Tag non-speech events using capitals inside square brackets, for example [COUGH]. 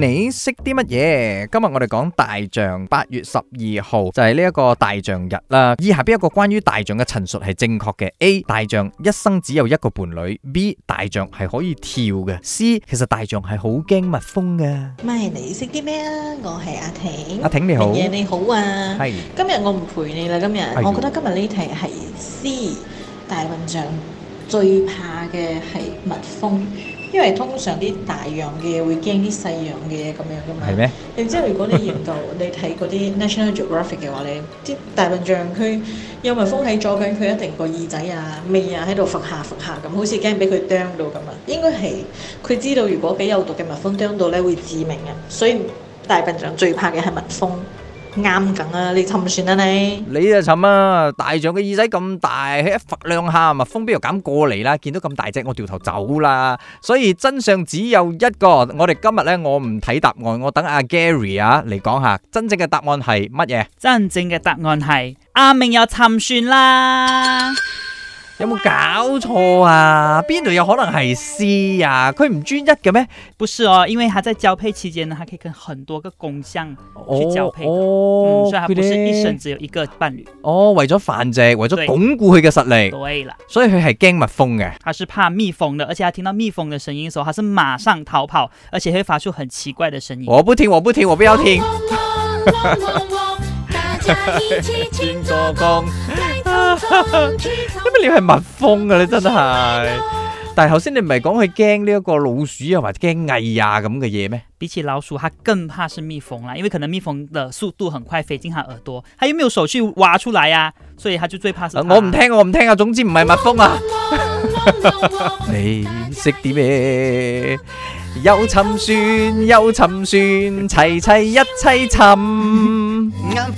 你識啲乜嘢？今日我哋講大象，八月十二號就係呢一個大象日啦。以下邊一個關於大象嘅陳述係正確嘅？A. 大象一生只有一個伴侶。B. 大象係可以跳嘅。C. 其實大象係好驚蜜蜂㗎。唔係，你識啲咩啊？我係阿婷，阿婷你好，婷你好啊。係是。今日我唔陪你啦，今日、哎、呦我覺得今日呢題係 C，大笨象最怕嘅係蜜蜂。因為通常啲大樣嘅嘢會驚啲細樣嘅嘢咁樣噶嘛，係咩？然之後如果你研究 [LAUGHS] 你睇嗰啲 National Geographic 嘅話咧，啲大笨象佢有蜜蜂喺左邊，佢一定個耳仔啊、尾啊喺度伏下伏下咁，好似驚俾佢釘到咁啊，應該係佢知道如果俾有毒嘅蜜蜂釘到咧會致命啊，所以大笨象最怕嘅係蜜蜂。啱梗啊，你沉船啦，啊、你，你啊沉啊！大象嘅耳仔咁大，佢一拂兩下，蜜蜂邊又敢過嚟啦？見到咁大隻，我掉頭走啦！所以真相只有一個。我哋今日呢，我唔睇答案，我等阿 Gary 啊嚟講下真正嘅答案係乜嘢？真正嘅答案係阿明又沉船啦！有冇搞錯啊？邊度有可能係 C 啊？佢唔專一嘅咩？不是哦，因為他在交配期間呢，他可以跟很多個公象去交配哦，哦，嗯，所以佢不是一生只有一個伴侶。哦，為咗繁殖，為咗鞏固佢嘅實力。對啦，所以佢係驚蜜蜂嘅。他是怕蜜蜂的，而且他聽到蜜蜂的聲音的時候，他是馬上逃跑，而且會發出很奇怪的聲音。我不聽，我不聽，我不要聽。 [LAUGHS] [LAUGHS] 過江 [LAUGHS] 因為你係蜜蜂啊，你真係。但係後先你唔係講佢驚呢一個老鼠啊，或者驚蟻啊咁嘅嘢咩？比起老鼠，佢更怕是蜜蜂啦，因為可能蜜蜂的速度很快，飛進佢耳朵，佢又沒有手去挖出來啊，所以佢就最怕。我唔聽，我唔聽啊，總之唔係蜜蜂啊。 [LAUGHS] [LAUGHS] 你識啲咩？又沉船，又沉船，齊齊一齊沉。 [LAUGHS]